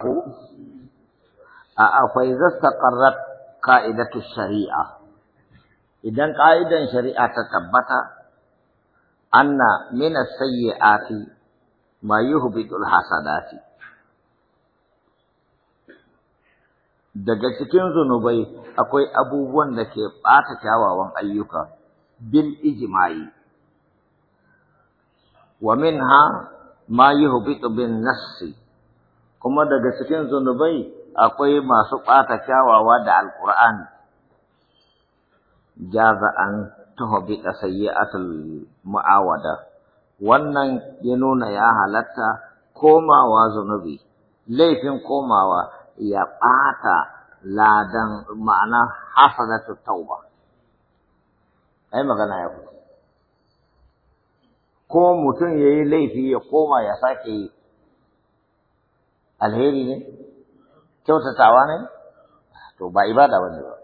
ko a akwai zastaqarrat shari'a idan ka'idan shari'a ta tabbata anna min as-sayyi'ati ma yuhbitul hasadati daga cikin zunubai akwai abubuwan da ke ɓata kyawawan ayyuka bil ijma'i wa minha ma yuhbitu bin nassi kuma daga cikin zunubai akwai masu ɓata kyawawa da ja jaza an tuhabi da sayyi'atul mu'awada wannan ya nuna ya halatta komawa zunubi laifin komawa ya ɓata ladan ma'ana hasadatu tauba ai magana ya fito ko mutum ya yi laifi ya koma ya sake yi alheri ne kyautatawa ne to ba ibada bane ba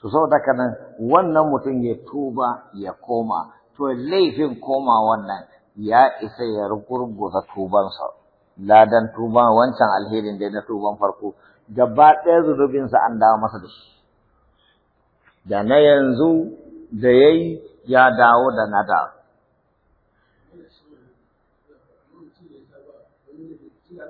to saboda haka nan wannan mutum ya tuba ya koma to laifin koma wannan ya isa ya rugurguza tubansa ladan tuba wancan alherin da na tuban farko gaba ɗaya zunubinsa an dawo masa da shi da na yanzu da yayi ya dawo da na wani ya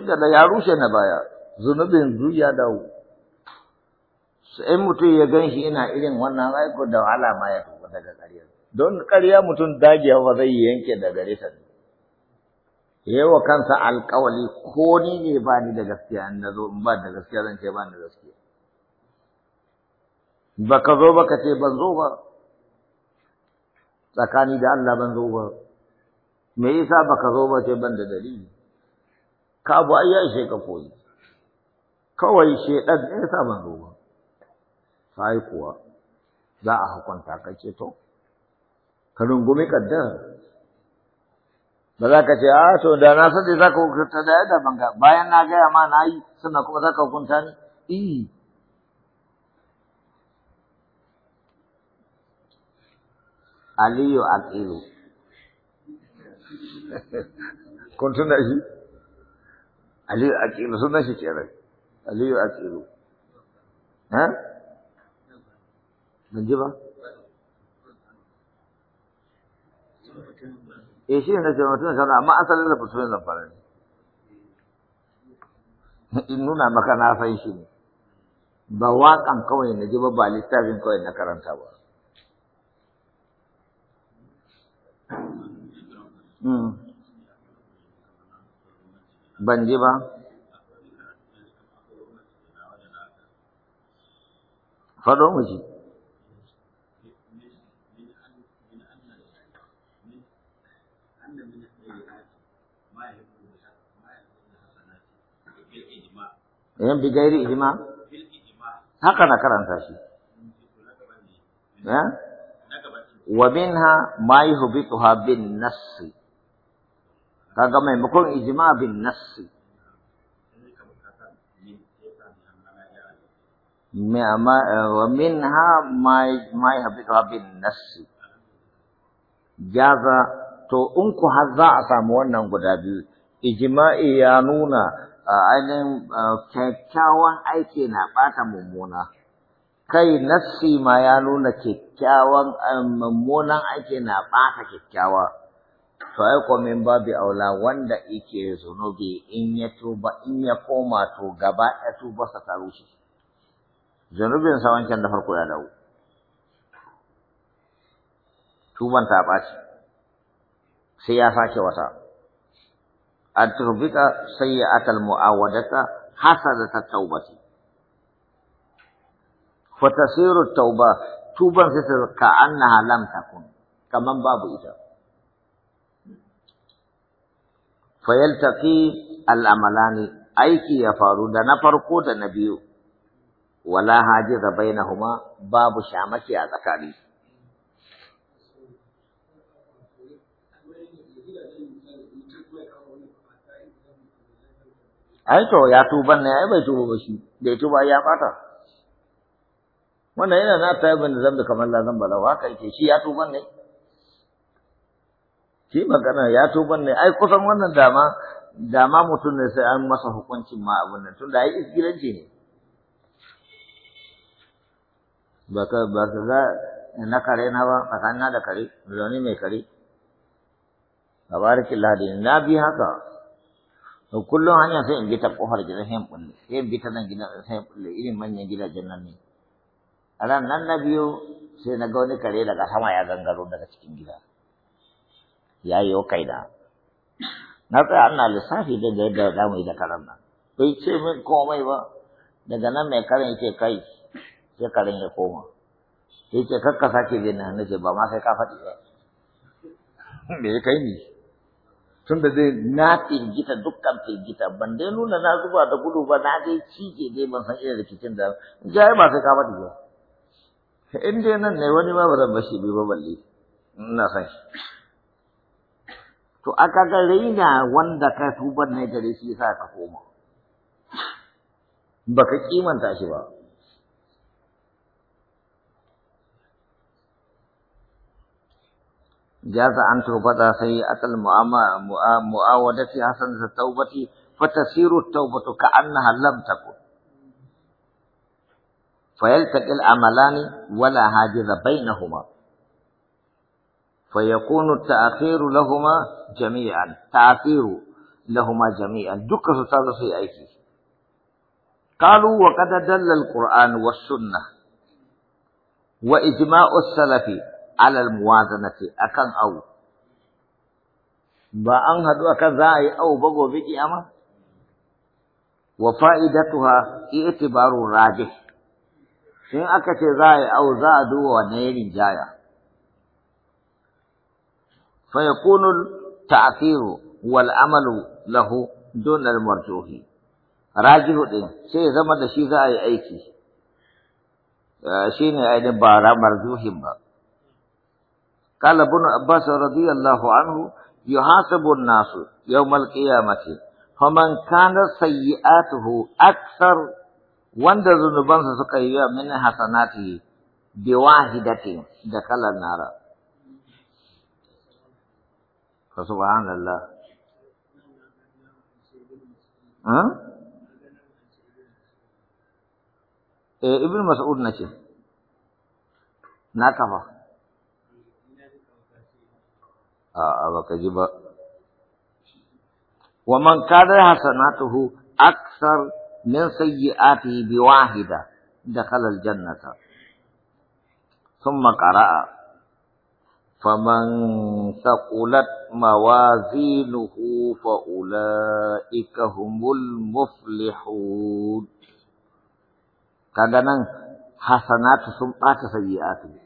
da ya rushe na baya zunubin zu ya dawo sai mutum ya gan shi ina irin wannan aiko da wahala ma ya daga ƙarya don ƙarya mutum dagewa zai yi yanke da gare ta ne wa kansa alƙawali ko ni ne ba ni da gaskiya in na zo in ba da gaskiya zan ce ba ni da gaskiya baka zo baka ce ban zo ba tsakani da Allah ban zo ba me yasa baka zo ba ce ban da dalili ka bu ai ya ishe ka koyi kawai shedan ne yasa ban zo ba sai kuwa za a hukunta ka ce to ka rungumi kaddara ba za ka ce a to da na sani za ka hukunta da yadda ban ga bayan na gaya ma na yi suna kuma za ka hukunta ni aliyu akilu kun tuna shi aliyu aqilu sunan shi kenan aliyu akilu ha ban ji ba e shi ne ce mutum sana amma asalin da fito zan fara ne in nuna maka na san shi ne ba waƙan kawai na ji ba ba littafin kawai na karanta ba Hmm. Ban ji ba. Faɗo mu ji. Yan bi gairi ijma? Haka na karanta shi. Ya? ومنها ما يهبطها بالنص kaga maimakon ijma bin nassi wa minha ma yahbituha bin nassi jaza to in ku har za a samu wannan guda biyu ijma'i ya nuna ainihin kyakkyawan aiki na ɓata mummuna kai nassi ma ya nuna kyakkyawan eh, mummunan aiki na ɓata kyakkyawa to ai ko min babu aula wanda yake zunubi in ya tuba in ya koma to gaba ɗaya tuba sa ta rushe zunubin sa wancan da farko ya dawo tuban ta ɓaci sai ya sake wata an turbita atal mu'awadata hasadata tawbati fatasiru tauba tuban sai ta ka annaha lam takun kaman babu ita fa yaltaqi al amalani aiki ya faru da na farko da na biyu wala baina huma babu shamaki a tsakani Aiko ya tuban ne ai bai tuba ba shi bai tuba ya fata wannan yana na ta bin zambi kamar la zamba lahu haka yake shi ya tuban ne shi magana ya tuban ne ai kusan wannan dama dama mutum ne sai an masa hukuncin ma abun nan tunda ai isgilanci ne ba ka ba ka ga na kare na ba tsakanina da kare zaune mai kare tabaraki lahadi na bi haka kullum hanya sai in bi ta kofar gidan sai in bi ta nan gidan sai in bi irin manyan gidajen nan ne ran nan na biyu sai na ga wani kare daga sama ya gangaro daga cikin gida ya yi da. na an na lissafi da yadda za mu yi da karen nan bai ce min komai ba daga nan mai karen yake kai sai karan ya koma sai ce kakka sake bin nan ce ba ma sai ka faɗi ba me ya kai ni tun da zai na firgita dukkan firgita ban dai nuna na zuba da gudu ba na dai cije dai ban san irin rikicin da jai ba sai ka faɗi ba in dai nan ne wani ba zan bashi bi ba balle ina san shi to aka ga raina wanda ka tubar ne gare shi sa ka koma ba ka kimanta shi ba jaza an tubata sai akal mu'amala mu'awadati hasan za taubati fa tasiru taubatu ka annaha lam takun فيلتقي العملان ولا حاجز بينهما فيكون التأخير لهما جميعا تأخير لهما جميعا دك ستارسي أيكي قالوا وقد دل القرآن والسنة وإجماع السلف على الموازنة أكن أو بأن هدو أكذاي أو بغو بكي أما وفائدتها اعتبار راجح shin aka ce za a yi au za a duba wanne ya rinjaya fa yakunu ta'thiru wal amalu lahu dun al marjuhi rajihu din sai ya zama da shi za a yi aiki shine ainihin ba marjuhin ba قال ابن عباس رضي الله عنه يحاسب الناس يوم القيامة فمن كان سيئاته أكثر wanda zunubansa suka yi wa mini hasanati bi wahidati da kalan nara fa subhanallah ha eh ibn mas'ud nace na kafa a a baka ji ba wa man kana hasanatuhu aksar min sayyi'atihi bi wahida dakhala al-jannata thumma qara'a faman saqulat mawazinuhu fa ulaika humul muflihun kaga nan hasanatu sun ɓata sayyi'atu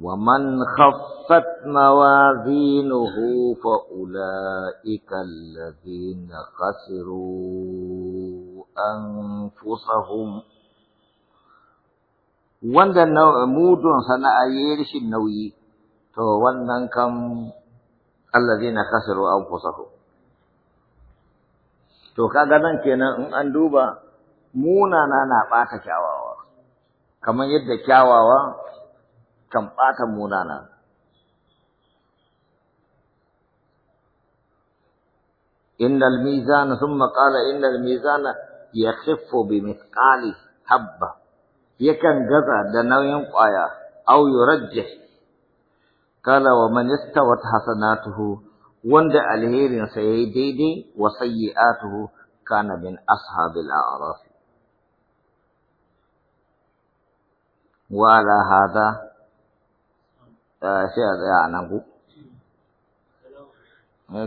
وَمَنْ خَفَّتْ مَوَازِينُهُ فأولئك الَّذِينَ خَسِرُوا أَنفُسَهُمْ wanda mudun sana'a ya rashin nauyi to wannan kan allazina an anfusahum to kaga nan kenan in an duba munana na bata kyawawa kamar yadda kyawawa كم ɓata مولانا إن الميزان ثم قال إن الميزان يخف بمثقال حبة يكن جزا دنوين قايا أو يرجح قال ومن استوت حسناته وند الهير سيديدي وسيئاته كان من أصحاب الأعراف وعلى هذا 呃，谢谢大家，南哥。